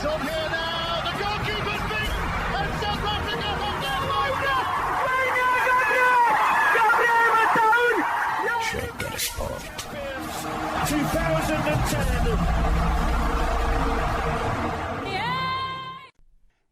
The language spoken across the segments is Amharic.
He's on here now.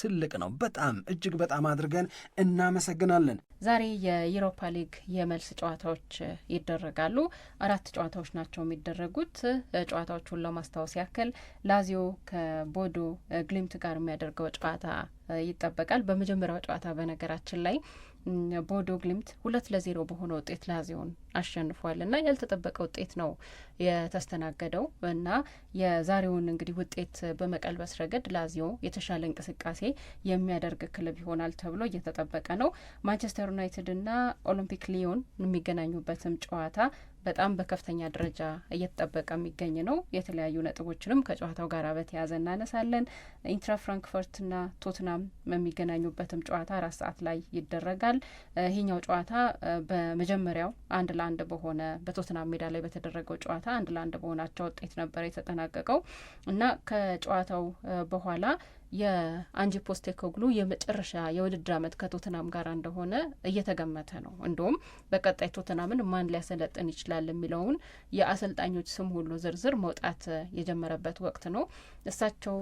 ትልቅ ነው። በጣም እጅግ በጣም አድርገን እናመሰግናለን። ዛሬ የዩሮፓ ሊግ የመልስ ጨዋታዎች ይደረጋሉ። አራት ጨዋታዎች ናቸው የሚደረጉት። ጨዋታዎቹን ለማስታወስ ያክል ላዚዮ ከቦዶ ግሊምት ጋር የሚያደርገው ጨዋታ ይጠበቃል። በመጀመሪያው ጨዋታ በነገራችን ላይ ቦዶ ግሊምት ሁለት ለዜሮ በሆነ ውጤት ላዚዮን አሸንፏል እና ያልተጠበቀ ውጤት ነው የተስተናገደው እና የዛሬውን እንግዲህ ውጤት በመቀልበስ ረገድ ላዚዮ የተሻለ እንቅስቃሴ የሚያደርግ ክለብ ይሆናል ተብሎ እየተጠበቀ ነው። ማንቸስተር ዩናይትድና ኦሎምፒክ ሊዮን የሚገናኙበትም ጨዋታ በጣም በከፍተኛ ደረጃ እየተጠበቀ የሚገኝ ነው። የተለያዩ ነጥቦችንም ከጨዋታው ጋር በተያያዘ እናነሳለን። ኢንትራ ፍራንክፈርትና ቶትናም የሚገናኙበትም ጨዋታ አራት ሰዓት ላይ ይደረጋል። ይህኛው ጨዋታ በመጀመሪያው አንድ ለአንድ በሆነ በቶትናም ሜዳ ላይ በተደረገው ጨዋታ አንድ ለአንድ በሆናቸው ውጤት ነበር የተጠናቀቀው እና ከጨዋታው በኋላ የአንጂ ፖስቴኮግሉ የመጨረሻ የውድድር ዓመት ከቶትናም ጋር እንደሆነ እየተገመተ ነው። እንዲሁም በቀጣይ ቶትናምን ማን ሊያሰለጥን ይችላል የሚለውን የአሰልጣኞች ስም ሁሉ ዝርዝር መውጣት የጀመረበት ወቅት ነው። እሳቸው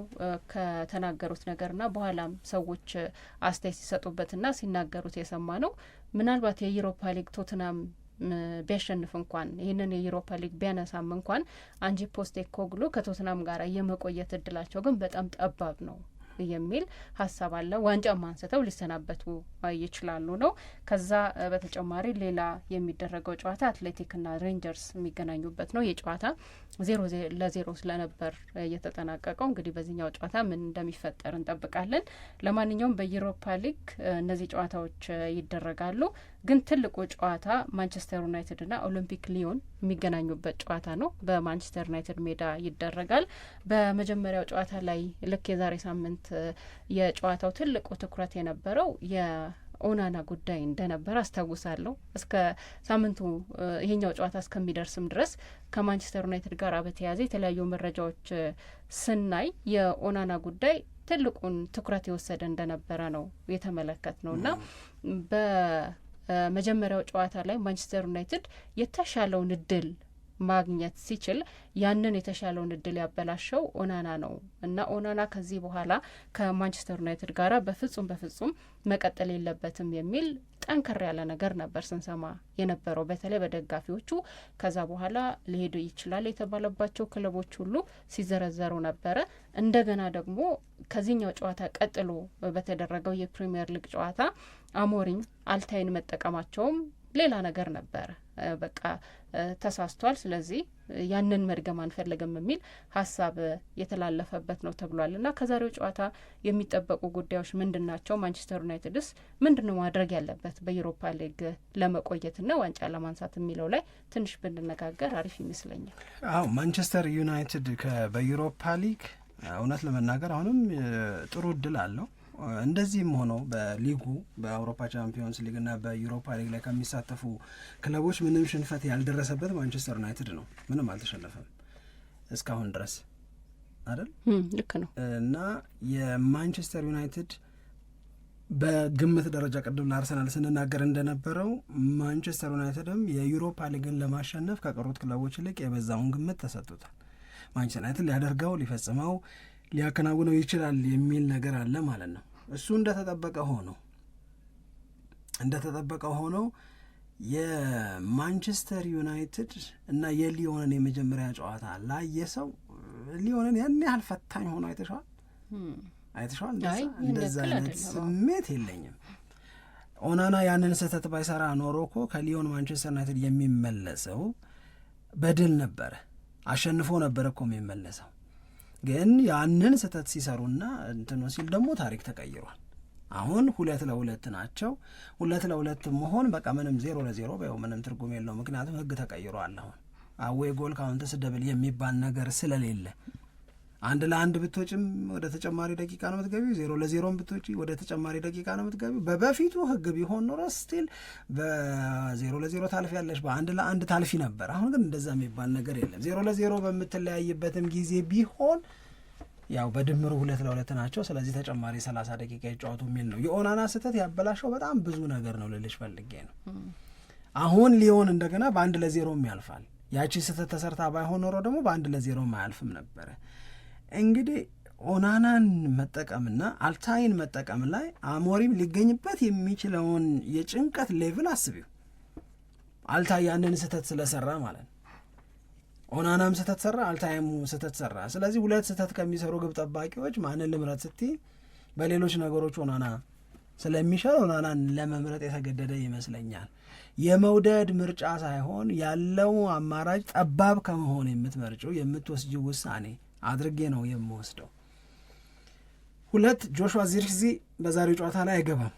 ከተናገሩት ነገርና በኋላም ሰዎች አስተያየት ሲሰጡበትና ሲናገሩት የሰማ ነው ምናልባት የዩሮፓ ሊግ ቶትናም ቢያሸንፍ እንኳን ይህንን የዩሮፓ ሊግ ቢያነሳም እንኳን አንጂ ፖስቴ ፖስቴኮግሉ ከቶትናም ጋር የመቆየት እድላቸው ግን በጣም ጠባብ ነው የሚል ሀሳብ አለ። ዋንጫ አንስተው ሊሰናበቱ ይችላሉ ነው። ከዛ በተጨማሪ ሌላ የሚደረገው ጨዋታ አትሌቲክና ሬንጀርስ የሚገናኙበት ነው የጨዋታ ዜሮ ለዜሮ ስለነበር የተጠናቀቀው። እንግዲህ በዚህኛው ጨዋታ ምን እንደሚፈጠር እንጠብቃለን። ለማንኛውም በዩሮፓ ሊግ እነዚህ ጨዋታዎች ይደረጋሉ። ግን ትልቁ ጨዋታ ማንቸስተር ና ኦሎምፒክ ሊዮን የሚገናኙበት ጨዋታ ነው። በማንቸስተር ዩናይትድ ሜዳ ይደረጋል። በመጀመሪያው ጨዋታ ላይ ልክ የዛሬ ሳምንት የጨዋታው ትልቁ ትኩረት የነበረው ኦናና ጉዳይ እንደነበር አስታውሳለሁ። እስከ ሳምንቱ ይሄኛው ጨዋታ እስከሚደርስም ድረስ ከማንቸስተር ዩናይትድ ጋር በተያያዘ የተለያዩ መረጃዎች ስናይ የኦናና ጉዳይ ትልቁን ትኩረት የወሰደ እንደነበረ ነው የተመለከት ነው እና በመጀመሪያው ጨዋታ ላይ ማንቸስተር ዩናይትድ የተሻለውን እድል ማግኘት ሲችል ያንን የተሻለውን እድል ያበላሸው ኦናና ነው እና ኦናና ከዚህ በኋላ ከማንቸስተር ዩናይትድ ጋር በፍጹም በፍጹም መቀጠል የለበትም የሚል ጠንከር ያለ ነገር ነበር ስንሰማ የነበረው በተለይ በደጋፊዎቹ። ከዛ በኋላ ሊሄድ ይችላል የተባለባቸው ክለቦች ሁሉ ሲዘረዘሩ ነበረ። እንደገና ደግሞ ከዚህኛው ጨዋታ ቀጥሎ በተደረገው የፕሪምየር ሊግ ጨዋታ አሞሪኝ አልታይን መጠቀማቸውም ሌላ ነገር ነበረ። በቃ ተሳስቷል፣ ስለዚህ ያንን መድገም አንፈልግም የሚል ሀሳብ የተላለፈበት ነው ተብሏል። እና ከዛሬው ጨዋታ የሚጠበቁ ጉዳዮች ምንድን ናቸው? ማንቸስተር ዩናይትድስ ምንድን ነው ማድረግ ያለበት በዩሮፓ ሊግ ለመቆየትና ዋንጫ ለማንሳት የሚለው ላይ ትንሽ ብንነጋገር አሪፍ ይመስለኛል። አዎ ማንቸስተር ዩናይትድ በዩሮፓ ሊግ እውነት ለመናገር አሁንም ጥሩ እድል አለው እንደዚህም ሆኖ በሊጉ በአውሮፓ ቻምፒዮንስ ሊግ እና በዩሮፓ ሊግ ላይ ከሚሳተፉ ክለቦች ምንም ሽንፈት ያልደረሰበት ማንቸስተር ዩናይትድ ነው። ምንም አልተሸነፈም እስካሁን ድረስ አይደል? ልክ ነው። እና የማንቸስተር ዩናይትድ በግምት ደረጃ ቅድም ለአርሰናል ስንናገር እንደነበረው ማንቸስተር ዩናይትድም የዩሮፓ ሊግን ለማሸነፍ ከቀሩት ክለቦች ይልቅ የበዛውን ግምት ተሰጥቶታል። ማንቸስተር ዩናይትድ ሊያደርገው ሊፈጽመው ሊያከናውነው ይችላል የሚል ነገር አለ ማለት ነው። እሱ እንደተጠበቀ ሆኖ እንደተጠበቀ ሆኖ የማንቸስተር ዩናይትድ እና የሊዮንን የመጀመሪያ ጨዋታ ላየ ሰው ሊዮንን ያን ያህል ፈታኝ ሆኖ አይተሸዋል አይተሸዋል። እንደዛ አይነት ስሜት የለኝም። ኦናና ያንን ስህተት ባይሰራ ኖሮ እኮ ከሊዮን ማንቸስተር ዩናይትድ የሚመለሰው በድል ነበረ። አሸንፎ ነበረ እኮ የሚመለሰው ግን ያንን ስህተት ሲሰሩና እንትን ሲል ደግሞ ታሪክ ተቀይሯል። አሁን ሁለት ለሁለት ናቸው። ሁለት ለሁለት መሆን በቃ ምንም ዜሮ ለዜሮ በው ምንም ትርጉም የለው። ምክንያቱም ህግ ተቀይሯል። አሁን አዌ ጎል ካውንትስ ደብል የሚባል ነገር ስለሌለ አንድ ለአንድ ብትወጪም ወደ ተጨማሪ ደቂቃ ነው የምትገቢው። ዜሮ ለዜሮም ብትወጪ ወደ ተጨማሪ ደቂቃ ነው የምትገቢው። በበፊቱ ህግ ቢሆን ኖሮ ስቲል በዜሮ ለዜሮ ታልፍ ያለሽ በአንድ ለአንድ ታልፊ ነበር። አሁን ግን እንደዛ የሚባል ነገር የለም። ዜሮ ለዜሮ በምትለያይበትም ጊዜ ቢሆን ያው በድምሩ ሁለት ለሁለት ናቸው። ስለዚህ ተጨማሪ ሰላሳ ደቂቃ ይጫወቱ የሚል ነው። የኦናና ስህተት ያበላሸው በጣም ብዙ ነገር ነው ልልሽ ፈልጌ ነው። አሁን ሊሆን እንደገና በአንድ ለዜሮም ያልፋል። ያቺ ስህተት ተሰርታ ባይሆን ኖሮ ደግሞ በአንድ ለዜሮም አያልፍም ነበረ። እንግዲህ ኦናናን መጠቀምና አልታይን መጠቀም ላይ አሞሪም ሊገኝበት የሚችለውን የጭንቀት ሌቭል አስቢው። አልታይ ያንን ስህተት ስለሰራ ማለት ነው። ኦናናም ስህተት ሰራ፣ አልታይም ስህተት ሰራ። ስለዚህ ሁለት ስህተት ከሚሰሩ ግብ ጠባቂዎች ማንን ልምረት ስትይ በሌሎች ነገሮች ኦናና ስለሚሻል ኦናናን ለመምረጥ የተገደደ ይመስለኛል። የመውደድ ምርጫ ሳይሆን ያለው አማራጭ ጠባብ ከመሆን የምትመርጭው የምትወስጂው ውሳኔ አድርጌ ነው የምወስደው። ሁለት ጆሹዋ ዚርክዚ በዛሬው ጨዋታ ላይ አይገባም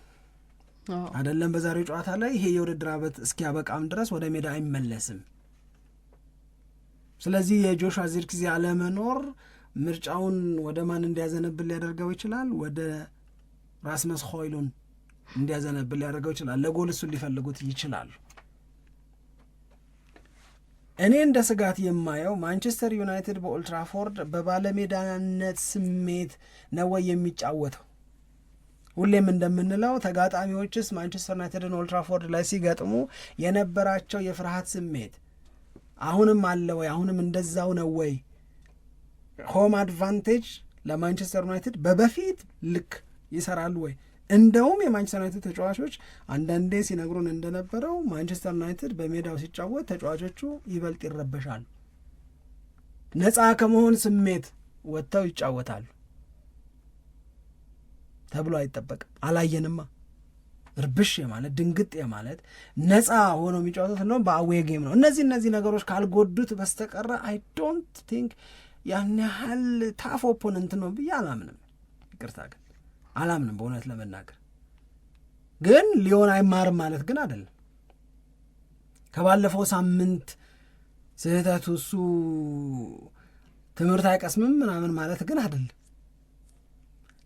አይደለም። በዛሬው ጨዋታ ላይ ይሄ የውድድር ዓመት እስኪያበቃም ድረስ ወደ ሜዳ አይመለስም። ስለዚህ የጆሹዋ ዚርክዚ አለመኖር ምርጫውን ወደ ማን እንዲያዘነብል ሊያደርገው ይችላል? ወደ ራስመስ ሆይሉንድ እንዲያዘነብል ሊያደርገው ይችላል። ለጎል እሱን ሊፈልጉት ይችላሉ። እኔ እንደ ስጋት የማየው ማንቸስተር ዩናይትድ በኦልትራፎርድ በባለሜዳነት ስሜት ነው ወይ የሚጫወተው? ሁሌም እንደምንለው ተጋጣሚዎችስ ማንቸስተር ዩናይትድን ኦልትራፎርድ ላይ ሲገጥሙ የነበራቸው የፍርሃት ስሜት አሁንም አለ ወይ? አሁንም እንደዛው ነው ወይ? ሆም አድቫንቴጅ ለማንቸስተር ዩናይትድ በበፊት ልክ ይሰራሉ ወይ? እንደውም የማንቸስተር ዩናይትድ ተጫዋቾች አንዳንዴ ሲነግሩን እንደነበረው ማንቸስተር ዩናይትድ በሜዳው ሲጫወት ተጫዋቾቹ ይበልጥ ይረበሻሉ፣ ነፃ ከመሆን ስሜት ወጥተው ይጫወታሉ ተብሎ አይጠበቅም። አላየንማ እርብሽ የማለት ድንግጥ የማለት ነፃ ሆኖ የሚጫወቱት እንደውም በአዌ ጌም ነው። እነዚህ እነዚህ ነገሮች ካልጎዱት በስተቀረ አይ ዶንት ቲንክ ያን ያህል ታፍ ኦፖነንት ነው ብዬ አላምንም። ይቅርታ ግን አላምንም በእውነት ለመናገር ግን ሊሆን አይማርም ማለት ግን አይደለም። ከባለፈው ሳምንት ስህተቱ እሱ ትምህርት አይቀስምም ምናምን ማለት ግን አይደለም።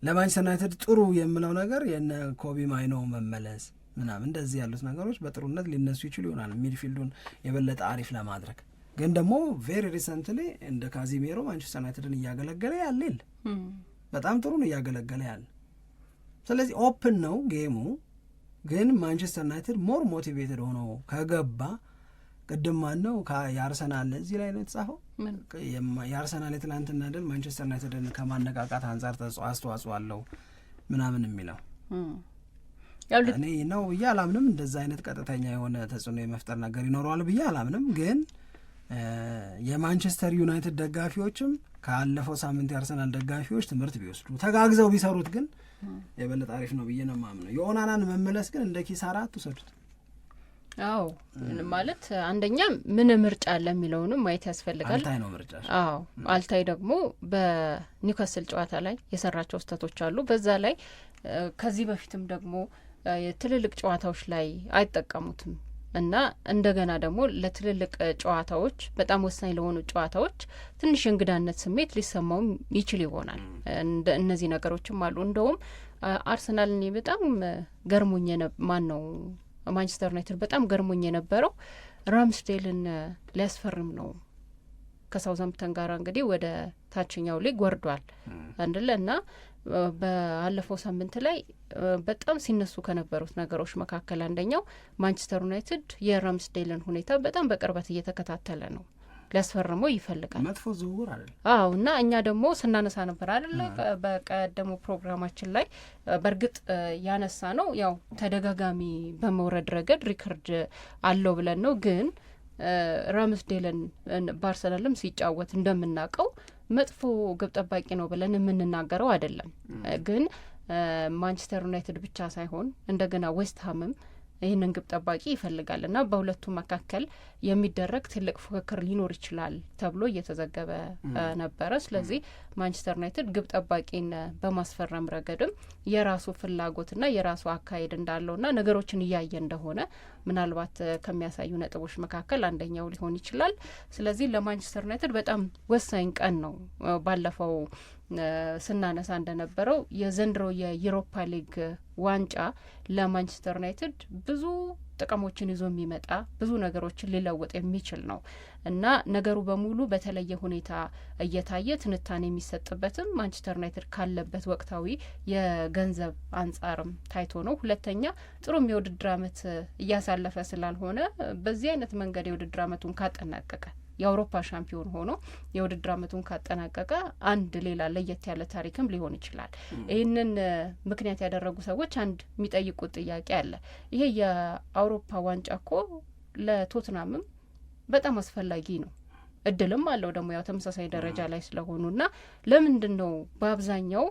ለማንቸስተር ዩናይትድ ጥሩ የምለው ነገር የነ ኮቢ ማይኖ መመለስ ምናምን እንደዚህ ያሉት ነገሮች በጥሩነት ሊነሱ ይችሉ ይሆናል ሚድፊልዱን የበለጠ አሪፍ ለማድረግ ግን ደግሞ ቬሪ ሪሰንትሊ እንደ ካዚሜሮ ማንቸስተር ዩናይትድን እያገለገለ ያለ የለ በጣም ጥሩ ነው እያገለገለ ያለ ስለዚህ ኦፕን ነው ጌሙ። ግን ማንቸስተር ዩናይትድ ሞር ሞቲቬትድ ሆኖ ከገባ ቅድም ማን ነው የአርሰናል እዚህ ላይ ነው የተጻፈው የአርሰናል የትላንትና ድል ማንቸስተር ዩናይትድን ከማነቃቃት አንጻር አስተዋጽኦ አለው ምናምን የሚለው እኔ ነው ብዬ አላምንም። እንደዛ አይነት ቀጥተኛ የሆነ ተጽዕኖ የመፍጠር ነገር ይኖረዋል ብዬ አላምንም። ግን የማንቸስተር ዩናይትድ ደጋፊዎችም ካለፈው ሳምንት የአርሰናል ደጋፊዎች ትምህርት ቢወስዱ ተጋግዘው ቢሰሩት ግን የበለጠ አሪፍ ነው ብዬ ነው ማምነው። የኦናናን መመለስ ግን እንደ ኪሳራ አትውሰዱት። አዎ ማለት አንደኛ ምን ምርጫ አለ የሚለውንም ማየት ያስፈልጋል። አልታይ ነው ምርጫ። አዎ አልታይ ደግሞ በኒውካስል ጨዋታ ላይ የሰራቸው ስህተቶች አሉ። በዛ ላይ ከዚህ በፊትም ደግሞ ትልልቅ ጨዋታዎች ላይ አይጠቀሙትም እና እንደገና ደግሞ ለትልልቅ ጨዋታዎች በጣም ወሳኝ ለሆኑ ጨዋታዎች ትንሽ እንግዳነት ስሜት ሊሰማውም ይችል ይሆናል። እነዚህ ነገሮችም አሉ። እንደውም አርሰናል እኔ በጣም ገርሞኝ ማን ነው ማንቸስተር ዩናይትድ በጣም ገርሞኝ የነበረው ራምስዴልን ሊያስፈርም ነው ከሳውዛምፕተን ጋር እንግዲህ ወደ ታችኛው ሊግ ወርዷል አንድለ እና በአለፈው ሳምንት ላይ በጣም ሲነሱ ከነበሩት ነገሮች መካከል አንደኛው ማንቸስተር ዩናይትድ የራምስዴልን ሁኔታ በጣም በቅርበት እየተከታተለ ነው። ሊያስፈርመው ይፈልጋል። መጥፎ ዝውውር አለ። አዎ እና እኛ ደግሞ ስናነሳ ነበር አይደለ? በቀደሙ ፕሮግራማችን ላይ በእርግጥ ያነሳ ነው ያው ተደጋጋሚ በመውረድ ረገድ ሪከርድ አለው ብለን ነው። ግን ራምስዴልን በአርሰናልም ሲጫወት እንደምናውቀው መጥፎ ግብ ጠባቂ ነው ብለን የምንናገረው አይደለም። ግን ማንቸስተር ዩናይትድ ብቻ ሳይሆን እንደገና ዌስትሀምም ይህንን ግብ ጠባቂ ይፈልጋል እና በሁለቱ መካከል የሚደረግ ትልቅ ፉክክር ሊኖር ይችላል ተብሎ እየተዘገበ ነበረ። ስለዚህ ማንቸስተር ዩናይትድ ግብ ጠባቂን በማስፈረም ረገድም የራሱ ፍላጎትና የራሱ አካሄድ እንዳለውና ነገሮችን እያየ እንደሆነ ምናልባት ከሚያሳዩ ነጥቦች መካከል አንደኛው ሊሆን ይችላል። ስለዚህ ለማንቸስተር ዩናይትድ በጣም ወሳኝ ቀን ነው ባለፈው ስናነሳ እንደነበረው የዘንድሮ የዩሮፓ ሊግ ዋንጫ ለማንቸስተር ዩናይትድ ብዙ ጥቅሞችን ይዞ የሚመጣ ብዙ ነገሮችን ሊለውጥ የሚችል ነው እና ነገሩ በሙሉ በተለየ ሁኔታ እየታየ ትንታኔ የሚሰጥበትም ማንቸስተር ዩናይትድ ካለበት ወቅታዊ የገንዘብ አንጻርም ታይቶ ነው። ሁለተኛ ጥሩም የውድድር ዓመት እያሳለፈ ስላልሆነ በዚህ አይነት መንገድ የውድድር ዓመቱን ካጠናቀቀ የአውሮፓ ሻምፒዮን ሆኖ የውድድር አመቱን ካጠናቀቀ አንድ ሌላ ለየት ያለ ታሪክም ሊሆን ይችላል። ይህንን ምክንያት ያደረጉ ሰዎች አንድ የሚጠይቁት ጥያቄ አለ። ይሄ የአውሮፓ ዋንጫ እኮ ለቶትናምም በጣም አስፈላጊ ነው እድልም አለው ደግሞ ያው ተመሳሳይ ደረጃ ላይ ስለሆኑና ለምንድን ነው በአብዛኛው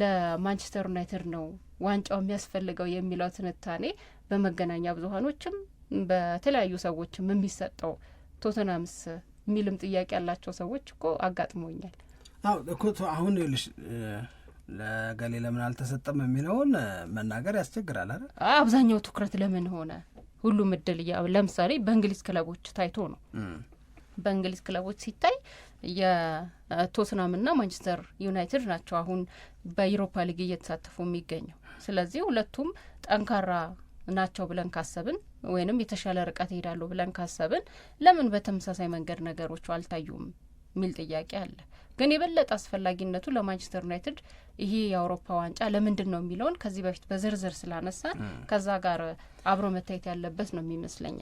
ለማንቸስተር ዩናይትድ ነው ዋንጫው የሚያስፈልገው የሚለው ትንታኔ በመገናኛ ብዙሀኖችም በተለያዩ ሰዎችም የሚሰጠው ቶተናምስ የሚልም ጥያቄ ያላቸው ሰዎች እኮ አጋጥሞኛል። አዎ እኮ አሁን ይኸውልሽ ለገሌ ለምን አልተሰጠም የሚለውን መናገር ያስቸግራል አይደል? አብዛኛው ትኩረት ለምን ሆነ ሁሉም እድል እያ ለምሳሌ በእንግሊዝ ክለቦች ታይቶ ነው። በእንግሊዝ ክለቦች ሲታይ የቶትናምና ማንቸስተር ዩናይትድ ናቸው አሁን በኢሮፓ ሊግ እየተሳተፉ የሚገኘው። ስለዚህ ሁለቱም ጠንካራ ናቸው ብለን ካሰብን ወይንም የተሻለ ርቀት ይሄዳለሁ ብለን ካሰብን ለምን በተመሳሳይ መንገድ ነገሮቹ አልታዩም የሚል ጥያቄ አለ። ግን የበለጠ አስፈላጊነቱ ለማንቸስተር ዩናይትድ ይሄ የአውሮፓ ዋንጫ ለምንድን ነው የሚለውን ከዚህ በፊት በዝርዝር ስላነሳን ከዛ ጋር አብሮ መታየት ያለበት ነው የሚመስለኝ።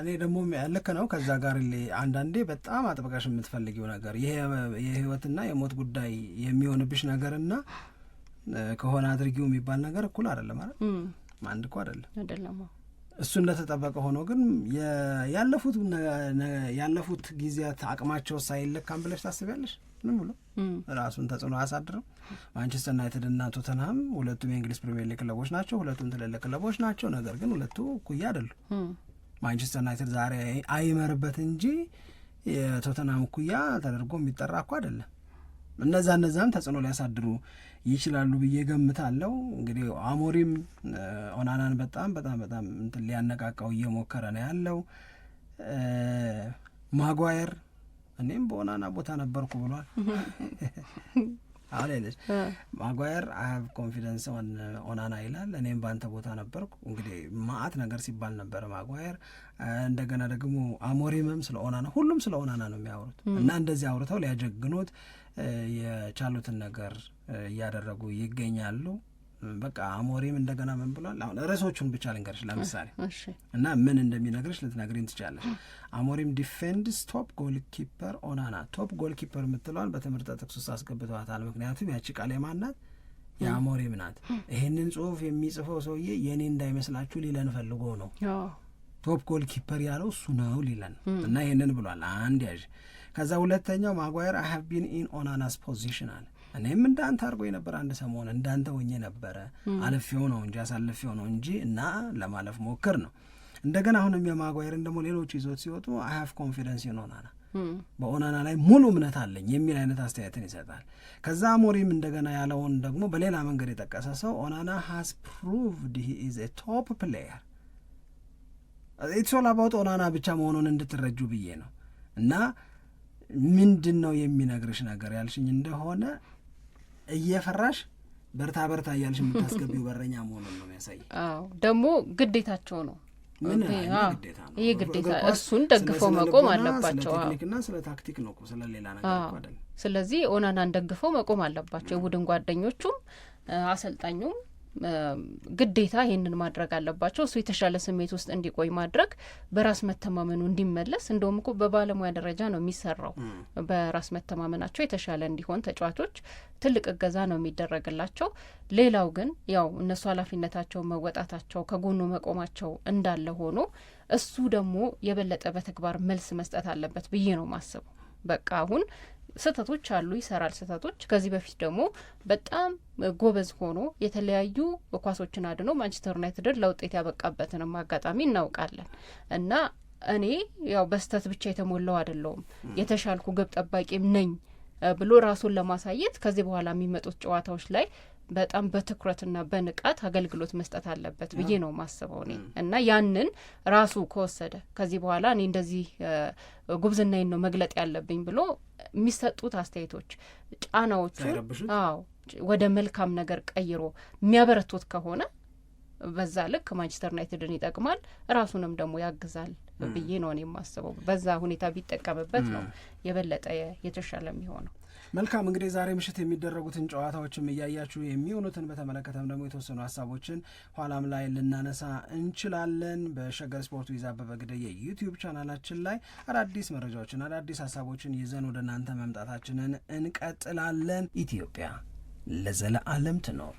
እኔ ደግሞ ልክ ነው። ከዛ ጋር አንዳንዴ በጣም አጥብቀሽ የምትፈልጊው ነገር የህይወትና የሞት ጉዳይ የሚሆንብሽ ነገርና ከሆነ አድርጊው የሚባል ነገር እኩል አይደለም። ማለት አንድ እኮ አይደለም። እሱ እንደተጠበቀ ሆኖ ግን ያለፉት ያለፉት ጊዜያት አቅማቸው ሳይለካም ብለሽ ታስቢያለሽ? ምን ብሎ ራሱን ተጽዕኖ አያሳድርም። ማንቸስተር ዩናይትድ እና ቶተንሃም ሁለቱም የእንግሊዝ ፕሪሚየር ሊግ ክለቦች ናቸው። ሁለቱም ትልልቅ ክለቦች ናቸው። ነገር ግን ሁለቱ እኩያ አይደሉም። ማንቸስተር ዩናይትድ ዛሬ አይመርበት እንጂ የቶተንሃም እኩያ ተደርጎ የሚጠራ እኮ አይደለም። እነዛ እነዛም ተጽዕኖ ሊያሳድሩ ይችላሉ ብዬ ገምታለው። እንግዲህ አሞሪም ኦናናን በጣም በጣም በጣም እንትን ሊያነቃቃው እየሞከረ ነው ያለው። ማጓየር እኔም በኦናና ቦታ ነበርኩ ብሏል። አሁን አይነች ማጓየር አይሀብ ኮንፊደንስ ኦናና ይላል። እኔም በአንተ ቦታ ነበርኩ። እንግዲህ ማአት ነገር ሲባል ነበረ ማጓየር። እንደገና ደግሞ አሞሪምም ስለ ኦናና፣ ሁሉም ስለ ኦናና ነው የሚያወሩት እና እንደዚህ አውርተው ሊያጀግኑት የቻሉትን ነገር እያደረጉ ይገኛሉ። በቃ አሞሪም እንደገና ምን ብሏል? አሁን ርዕሶቹን ብቻ ልንገርሽ ለምሳሌ እና ምን እንደሚነግርሽ ልትነግሪን ትችላለሽ። አሞሪም ዲፌንድስ ቶፕ ጎል ኪፐር ኦናና። ቶፕ ጎል ኪፐር የምትለዋል በትምህርት ጥቅስ ውስጥ አስገብተዋታል። ምክንያቱም ያቺ ቃል የማን ናት? የአሞሪም ናት። ይህንን ጽሁፍ የሚጽፈው ሰውዬ የእኔ እንዳይመስላችሁ ሊለን ፈልጎ ነው። ቶፕ ጎል ኪፐር ያለው እሱ ነው ሊለን እና ይህንን ብሏል። አንድ ያዥ ከዛ ሁለተኛው ማጓየር አይ ሀቭ ቢን ኢን ኦናናስ ፖዚሽን አለ። እኔም እንዳንተ አድርጎ የነበረ አንድ ሰሞን እንዳንተ ሆኜ ነበረ አለፌው ነው እንጂ አሳልፌው ነው እንጂ እና ለማለፍ ሞክር ነው። እንደገና አሁንም የማጓየርን ደግሞ ሌሎች ይዞት ሲወጡ አይ ሀቭ ኮንፊደንስ ኢን ኦናና በኦናና ላይ ሙሉ እምነት አለኝ የሚል አይነት አስተያየትን ይሰጣል። ከዛ አሞሪም እንደገና ያለውን ደግሞ በሌላ መንገድ የጠቀሰ ሰው ኦናና ሀስ ፕሩቭድ ሂ ኢዝ ኤ ቶፕ ፕሌየር ኢትስ ኦል አባውት ኦናና ብቻ መሆኑን እንድትረጁ ብዬ ነው እና ምንድን ነው የሚነግርሽ ነገር ያልሽኝ እንደሆነ እየፈራሽ በርታ በርታ እያልሽ የምታስገቢው በረኛ መሆኑን ነው የሚያሳይ። ደግሞ ግዴታቸው ነው። ይህ ግዴታ እሱን ደግፈው መቆም አለባቸው። ቴክኒክና ስለ ታክቲክ ነው፣ ስለ ሌላ ነገር። ስለዚህ ኦናናን ደግፈው መቆም አለባቸው የቡድን ጓደኞቹም አሰልጣኙም ግዴታ ይህንን ማድረግ አለባቸው። እሱ የተሻለ ስሜት ውስጥ እንዲቆይ ማድረግ በራስ መተማመኑ እንዲመለስ፣ እንደውም እኮ በባለሙያ ደረጃ ነው የሚሰራው። በራስ መተማመናቸው የተሻለ እንዲሆን ተጫዋቾች ትልቅ እገዛ ነው የሚደረግላቸው። ሌላው ግን ያው እነሱ ኃላፊነታቸው መወጣታቸው ከጎኑ መቆማቸው እንዳለ ሆኖ እሱ ደግሞ የበለጠ በተግባር መልስ መስጠት አለበት ብዬ ነው ማስበው። በቃ አሁን ስህተቶች አሉ፣ ይሰራል ስህተቶች። ከዚህ በፊት ደግሞ በጣም ጎበዝ ሆኖ የተለያዩ ኳሶችን አድኖ ማንቸስተር ዩናይትድን ለውጤት ያበቃበትንም አጋጣሚ እናውቃለን እና እኔ ያው በስህተት ብቻ የተሞላው አይደለውም የተሻልኩ ግብ ጠባቂም ነኝ ብሎ ራሱን ለማሳየት ከዚህ በኋላ የሚመጡት ጨዋታዎች ላይ በጣም በትኩረትና በንቃት አገልግሎት መስጠት አለበት ብዬ ነው ማስበው እኔ እና ያንን ራሱ ከወሰደ ከዚህ በኋላ እኔ እንደዚህ ጉብዝናዬን ነው መግለጥ ያለብኝ ብሎ የሚሰጡት አስተያየቶች፣ ጫናዎቹ አዎ ወደ መልካም ነገር ቀይሮ የሚያበረቱት ከሆነ በዛ ልክ ማንቸስተር ዩናይትድን ይጠቅማል፣ ራሱንም ደግሞ ያግዛል ብዬ ነው እኔ የማስበው። በዛ ሁኔታ ቢጠቀምበት ነው የበለጠ የተሻለ የሚሆነው። መልካም እንግዲህ ዛሬ ምሽት የሚደረጉትን ጨዋታዎችም እያያችሁ የሚሆኑትን በተመለከተም ደግሞ የተወሰኑ ሀሳቦችን ኋላም ላይ ልናነሳ እንችላለን። በሸገር ስፖርቱ ይዛ በበግደ የዩቲዩብ ቻናላችን ላይ አዳዲስ መረጃዎችን አዳዲስ ሀሳቦችን ይዘን ወደ እናንተ መምጣታችንን እንቀጥላለን። ኢትዮጵያ ለዘለዓለም ትኖር።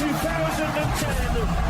2010